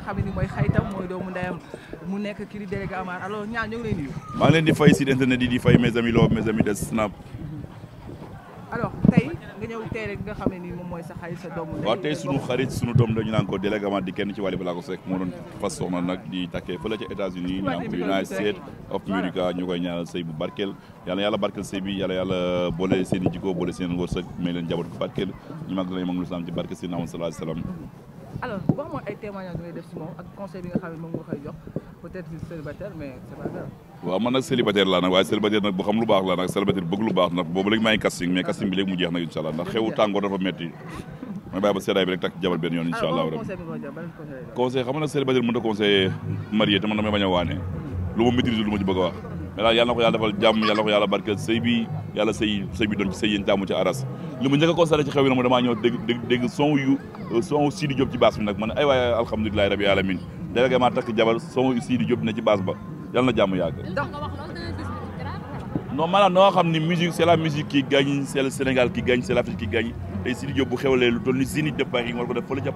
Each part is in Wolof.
nga xam ne mooy xaytam mooy doomu ndeyam mu nekk kii di délégué Amar ñaar ñoo ngi lay nuyu. leen di fay si internet yi di fay mes amis loob mes amis de snap. Mm-hmm. alors tey nga ñëw tey rek nga xam ne mooy sa xarit doomu. waaw tey sunu xarit di kenn ci wàllu sek moo doon fas soxna nag di takkee fële ca États-Unis ñu naan United States of America ñu koy ñaanal bu barkeel yàlla yala barkeel sëy bi yàlla yàlla boole seen i jikko boole seen wërsëg may leen jabar bu barkeel barke alors wax mooy ay témoignages ngay def si moom ak conseil bi nga xam ne moom nga koy jox peut-être si célibataire mais c'est pas grave. waaw man nag célibataire laa nag waaye célibataire nag bu xam lu baax la nag célibataire bëgg lu baax nag boobu léegi maa ngi casting mais casting bi léegi mu jeex nag incha allah ndax xewu ah, tàngoor dafa metti ma bàyyi ba seddaay bi rek takk jabar benn yoon incha allah conseil xam nga nag célibataire mën a conseillé marié te man damay bañ a waane lu ma maîtriser lu ma ci bëgg a wax mais daal yàlla na ko yàlla defal jàmm yàlla na ko yàlla barkeel sëy bi yàlla sëy sëy bi doon ci sëy yéen taamu ci aras li mu njëkk a constaté ci xew yi nag damaa ñëw dégg dégg dégg son yu euh, son Sidi Diop ci baas bi nag man ay waaye alhamdulilahi rabi alamin délégué maa takk jabar son Sidi Diop ne ci baas ba yàlla na jàmm yàgg non maanaam noo xam ni musique c'est la musique qui gagne c'est le Sénégal qui gagne c'est l'Afrique qui gagne tey Sidi Diop bu xewlee lu toll ni Zénith de Paris war ko def fële ca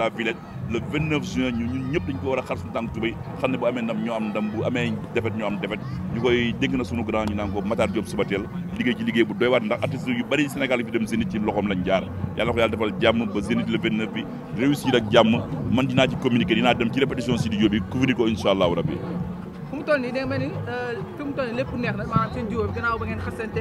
la Villette le 29 juin ñu ñun ñëpp dañ ko war a xar suñu tànk tubéy xam ne bu amee ndam ñoo am ndam bu amee defet ñoo am defet ñu koy dégg na suñu grand ñu naan ko Matar Diop Subatel liggéey ci liggéey bu doy waat ndax artiste yu bëri Sénégal yi fi dem Zénith ci loxoom lañ jaar yàlla ko yàlla defal jàmm ba Zénith le 29 bi réussir ak jàmm man dinaa ci communiquer dinaa mu toll nii day mel ni euh,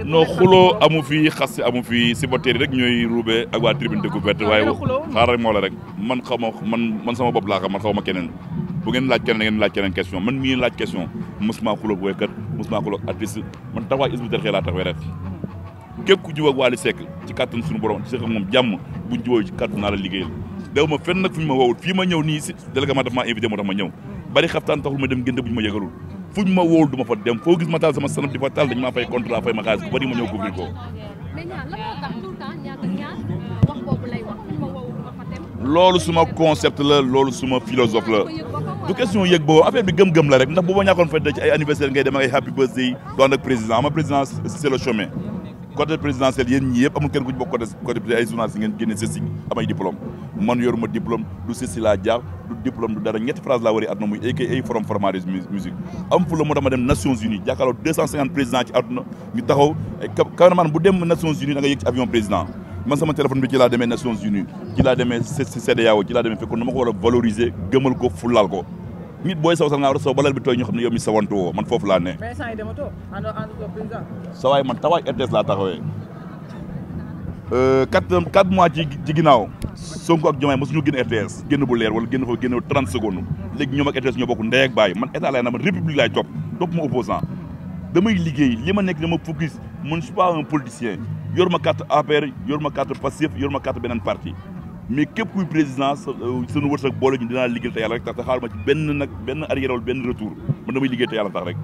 mu amu fi xas amu fi supporter rek ñooy ruube ak waa tribune découverte ah, waaye xaaral moo la rek man xaw ma man man sama bopp laa xam man xaw ma keneen bu ngeen laaj keneen ngeen laaj keneen question man mii laaj question mosuma xuloo woykat mosuma xuloo artiste man taxawaay is bu derxee laa taxawee rek képp ku jiw ak Wally Seck ci kàttan suñu borom ci moom jàmm buñ jiwoo ci kàttan naa la liggéeyal dew ma fenn nag ma woowul fii ma ñëw nii si déléguement daf maa invité moo tax ma ñëw bari xaftaan taxul ma dem gënte bu ñu ma yëgalul fuñ ma wóol du ma fa dem foo gis ma taal sama sanam di fa taal dañu maa fay contrat fay ma xaalis ku bari ma ñëw couvrir ko loolu suma concept la loolu suma philosophe la du question yëg boobu affaire bi gëm-gëm la rek ndax bu ma ñàkkoon fay ci ay anniversaire ngay dem ak ay happy birthday yi doon ak ama président c'est le chemin côté présidentiel yéen ñi yëpp amul kenn ku ci bokk côté côté ay journalistes ngeen diplôme man yoruma diplôme du ceci laa du diplôme du dara ñetti phrase laa war a àdduna muy ay ay forum formaris musique am fu la ma dem Nations Unies jàkkaarloo deux cent cinquante président ci àdduna ñu taxaw cameraman bu dem Nations Unies da nga avion président man téléphone bi ci laa Nations Unies ci laa demee CEDEAO ci laa demee fekkoon na a valoriser gëmal ko fulal ko nit booy saw sal nga a saw balal bi tooy ñu xam ne yow mi sawantu woo man foofu laa ne. mais saa yi dama toog ànd ak président. sa waay man tawaay RTS laa taxawee. Euh, quatre quatre mois ci ci ginnaaw. Sonko ak Diomaye mosuñu génn RTS génn bu leer wala génn fa génn 30 secondes. léegi ñoom ak RTS ñoo bokk ndey ak baay man état laay na man république laay topp topp ma opposant damay liggéey li ma nekk dama focus man je suis pas un yor ma carte APR yor ma carte Pastef yor ma carte beneen parti. mais képp kuy président euh, sunu wërsëg boole ñu dinaa liggéey te yàlla rek tax te xaaruma ci benn nag benn arrière wala benn retour man damay liggéey te yàlla tax rek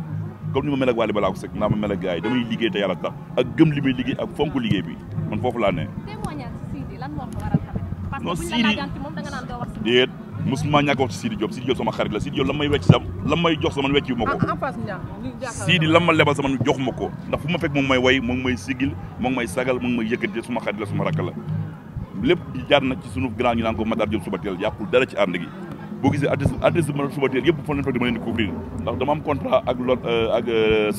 comme ni ma mel ak Wally Ballago Seck naa ma mel ak gars yi damay liggéey te yàlla tax ak gëm li muy liggéey ak fonk liggéey bi man foofu laa ne. non Sidi déet mosuma ñàkk wax ci Sidi Diop Sidi sama xarit la Sidi Diop la may wecc sam la may jox sama wecc bi ma ko ah, la ma lebal sama jox ma ko ndax fu ma moom may way moom may sigil moom may sagal moom may yëkkati suma xarit la suma rakk la lépp jaar na ci sunu grand ñu naan ko Matar Diop Subatel yàqul dara ci ànd gi boo gisee artiste artiste ma Subatel yëpp fan lañ fekk dama leen di couvrir ndax dama ak lot euh, ak euh,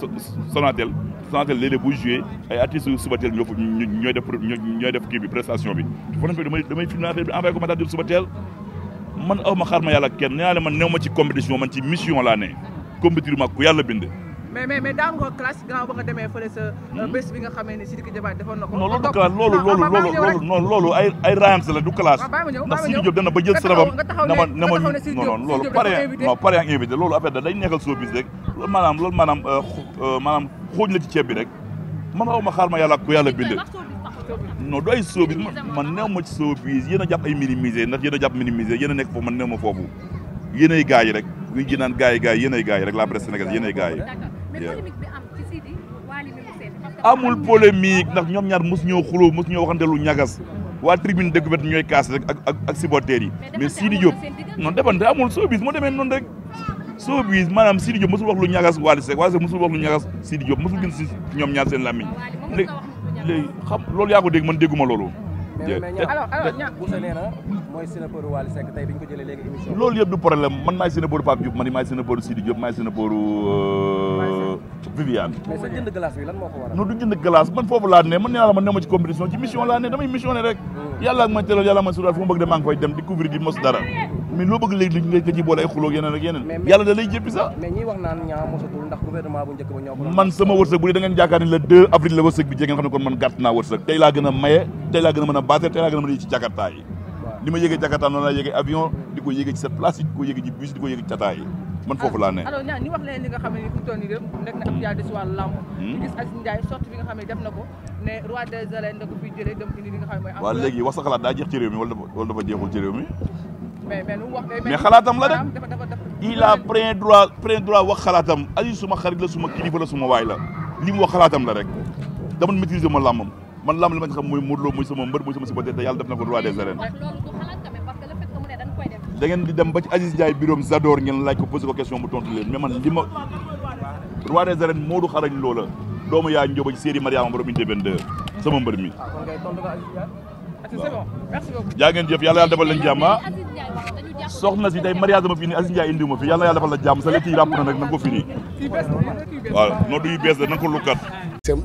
Sonatel Sonatel léeg-léeg ay artistes Subatel ñoo fa ñooy def ñooy def bi prestation bi fan lañ fekk damay damay filmé affaire bi envoyé ko Matar Diop man aw ma xaar yàlla kenn nee naa la man néew ma ci compétition man ci mission laa ne compétir ma ku yàlla bind mais mais mais daaw nga classe gannaaw ba nga demee fële sa. Euh, hmm? bés bi nga xamee ne loolu du classe loolu loolu loolu loolu ay ay raams la du classe. ndax Sidiki Diop dana ba jël sërëbam. nga taxaw ne nga taxaw la ci bi rek man aw ma xaar ma yàlla ku yàlla bindee. non du ay showbiz man néew ma ci showbiz yéen a jàpp ay minimisé ndax yéen a jàpp minimisé yéen a nekk foofu man néew ma foofu yéen ay gars yi rek ñu ji naan gars la presse sénégalaise yéen ay gars amul polémique ndax ñoom ñaar mos ñoo xuloo mos ñoo waxante lu ñagas waa tribune dëgg ñooy kaas rek ak ak ak supporters yi mais Sidi Diop non defante amul showbiz moo demee noonu rek showbiz maanaam Sidi Diop mosul wax lu ñagas Wally Seck Wally Seck mosul wax lu ñagas Sidi Diop mosul gën si ñoom ñaar seen làmmiñ léegi léegi xam loolu yaa ko dégg man dégguma loolu alors alors ña bu sa nee na mooy Sinapooru Wally Seck loolu yëpp du problème man maay Sinapooru Pape Diouf man maay Sinapooru Sidi Diop maay Sinapooru euh, Viviane mais du jënd glace man foofu laa ne man nee la man ne ma ci compétition ci mission laa ne damay missionné rek mm. yàlla ak ma teeloon yàlla ma fu ma bëgg de maa ngi fay dem découvrir di mos dara mais loo bëgg léegi dañ nga ci boole ay xuloo yeneen ak yeneen yàlla da lay sax mais ñi wax naan ñaa mosatul ndax gouvernement bu njëkk ba ñoo ko man sama wërsëg bu dee da ngeen jaakaar ni le avril la wërsëg bi jege ngeen xam kon man gàtt naa wërsëg tey laa gën a maye tey laa gën a mën a baatee tey laa gën a mën a yéeg ci jakarta yi li ma yéegee jakarta noonu laa yéegee avion di ko yéegee ci sa place di ko yéegee ci bus di ko yéegee ci yi man foofu laa ne ah, alors ñaa ñu wax leen li nga xam hmm? ko ne roi ci réew mi mais xalaatam la rek il a plein droit plein droit wax xalaatam Aziz suma xarit la suma kilifa la suma waay la li mu wax xalaatam la rek dama maîtriser ma làmmam man làmm li ma xam mooy Modou Lo mooy sama mbër mooy sama supporter te yàlla def na ko roi des arènes da ngeen di dem ba ci Aziz Ndiaye biroom Zador ngeen laaj ko posé ko question mu tontu leen mais man li ma roi des arènes Modou xarañ loola doomu yaa njóoba ci série Mariama borom inde 22 sama mbër mi ah, yaa ngeen jëf yàlla yàlla defal leen jàmm ah. soxna si day mariage dama fi ni Aziz Ndiaye fi yàlla yàlla defal la jàmm sa létt yi ràpp na nag na nga ko firi waaw non du yu bees la na ko lukkat bisam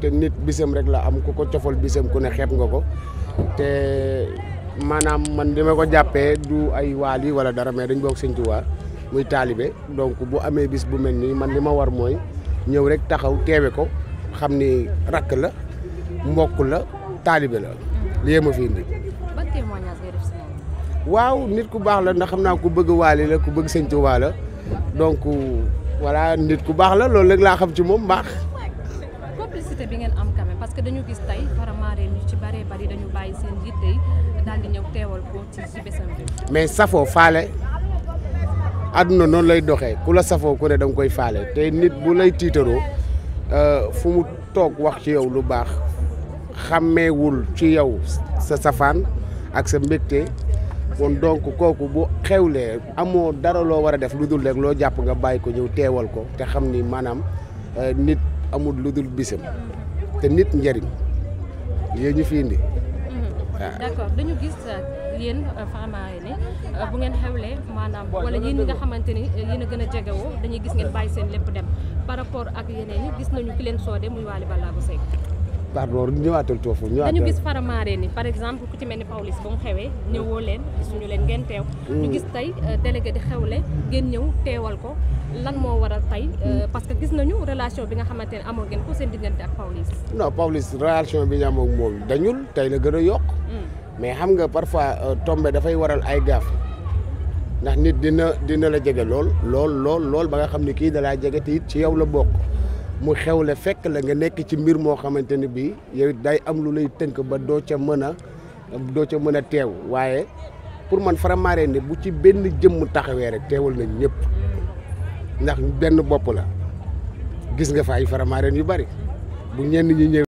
te nit bisam rek la am ku ko cofal bisam ku ne xeeb nga ko te maanaam man dama ko jàppee du ay waal yi wala dara mais dañ bokk sëñ Tuubaa muy taalibe donc bu amee bis bu mel nii man li ma war mooy ñëw rek taxaw teewe ko xam ni rakk la mbokk la taalibe la lii ma fi indi. waaw nit ku baax la ndax xam naa ku bëgg Waly la ku bëgg Sëñ Tuubaa la donc voilà nit ku baax la loolu rek laa xam ci moom baax. complicité bi parce que dañu mais safoo faale àdduna noonu lay doxe ku la safoo ku ne da koy faale te nit bu lay tiitaroo euh, fu mu toog wax ci yow lu baax. xàmmewul ci yow sa safaan ak sa mbégte kon donc kooku bu xewlee amoo dara loo war a def lu dul rek loo jàpp nga bàyyi ko ñëw teewal ko te xam ni maanaam euh, nit amul lu dul bisam te nit njariñ yéen ñu fi indi. Mm-hmm. dañu gis euh, yéen euh, Faramareen ne bu ngeen xewlee maanaam wala yéen ñi nga xamante ni yéen a a jegewoo dañuy gis ngeen bàyyi seen lépp dem par rapport ak yeneen yi gis nañu ki leen soodee muy Wally Ballago Seck. pardon ñëwaatal toofu ñëwaatal dañu gis faramaare ni par exemple ku ci mel ni Pawlish ba mu xewee ñëwoo leen gisuñu leen ngeen teew mm. ñu gis tey euh, délégué di xewle ngeen ñëw teewal ko lan moo waral tey euh, mm. parce que gis nañu relation bi nga xamante ne amoo ngeen ko seen diggante ak Pawlish non Pawlish relation bi ñu am ak moom dañul tey la gën a yokk mm. mais xam nga parfois euh, tombe dafay waral ay gaaf ndax nit dina dina la jege lool lool lool lool ba nga xam ni kii dalaa jege ci yow la bokk mu xewle fekk la nga nekk ci mbir moo xamante ni bii yow day am lu lay tënk ba doo ca mën a doo ca mën a teew waaye pour man Faramarene bu ci benn jëmm taxawee rek teewal nañ ñëpp ndax benn bopp la gis nga fa ay Faramarene yu bari bu ñenn ñi ñëw